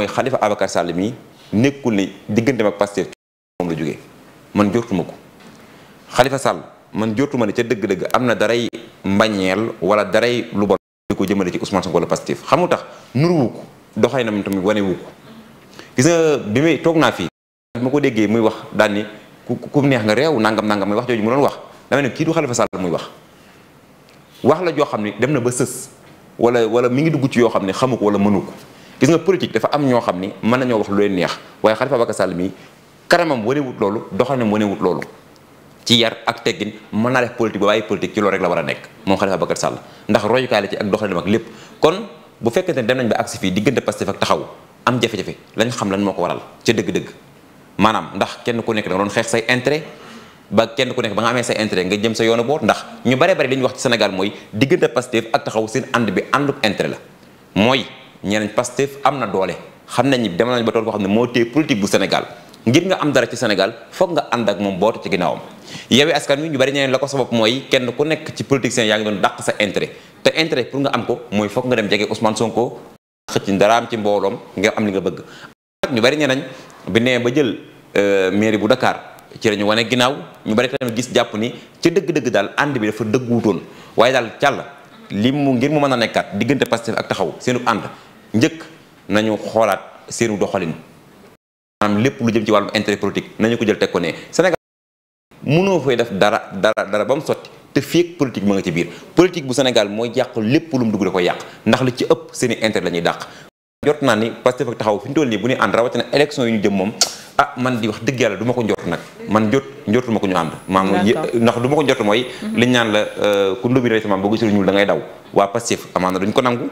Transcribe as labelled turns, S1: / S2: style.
S1: mooy Khalifa Abacar Sall mii nekkul ne digganteem ak Pastef moom la jógee man jortuma ko xalifa Sall man jortuma ne ca dëgg-dëgg am na daray mbañeel wala daray lu bon di ko jëmale ci Ousmane Sonko wala Pastef xamu tax nuruwu ko doxay na tamit wane wu ko gis bi may toog naa fi ma ko déggee muy wax daani ni ku ku neex nga reew nangam nangam muy wax jooju mu doon wax dama ne kii du Khalifa Sall muy wax wax la joo xam ne dem na ba sës wala wala mi ngi dugg ci yoo xam ne xamu ko wala gis nga politique dafa am ñoo xam ni mën nañoo wax lu leen neex waaye Khalifa Ababacar Sall mii karamam wanewut loolu doxalinam wanewut loolu ci yar ak teggin mën naa def politique ba waaye politique ci loolu rek la war a nekk moom Khalifa Ababacar Sall ndax royukaay la ci ak doxalinam ak lépp kon bu fekkente ne dem nañ ba agsi fii diggante Pastef ak taxaw am jafe-jafe lañ xam lan moo ko waral ca dëgg-dëgg maanaam ndax kenn ku nekk da nga doon xeex say intérêt ba kenn ku nekk ba nga amee say intérêt nga jëm sa yoonu boor ndax ñu bare bare li ñu wax ci Sénégal mooy diggante Pastef ak taxaw seen ànd bi ànduk intérêt la mooy ñeneen Pastef am na doole xam nañ ni dem nañ ba tool koo xam ne moo téye politique bu Sénégal ngir nga am dara ci Sénégal foog nga ànd ak moom bootu ci ginnaawam Yewwi Askan Wi ñu bari ñeneen la ko sabab mooy kenn ku nekk ci politicien yaa ngi doon dàq sa intérêt te intérêt pour nga am ko mooy foog nga dem jege Ousmane Sonko xëcc ndaraam ci mbooloom nga am li nga bëgg ñu bari ñeneen bi nee ba jël euh, mairie bu Dakar ci la ñu wane ginnaaw ñu bari tamit gis jàpp ni ci dëgg-dëgg daal ànd bi dafa dëgguwutoon waaye daal càll li mu ngir mu mën a nekkaat diggante Pastef ak taxaw seenu ànd njëkk nañu xoolaat seenu doxalin maanaam lépp lu jëm ci wàllum intere politique nañu ko jël teg ko ne Sénégal mënoo fay def dara dara dara ba mu sotti te fii politique ma nga ci biir politique bu senegal mooy yàq lépp lu mu dugg da koy yàq ndax li ci ëpp seeni intérêt la ñuy dàq jot naa ni parce que taxaw fi ñu toll nii bu ni ànd rawatina élection yi ñu jëm moom a ah man di wax dëgg yàlla duma ko njort nag man jot njortuma ko ñu ànd maam ndax du ma ko njort mooy mhm. liñ naan la euh, ku ndóbi rey sa maam boo ñuul da ngay daw waa Pastef amaana duñ ko nangu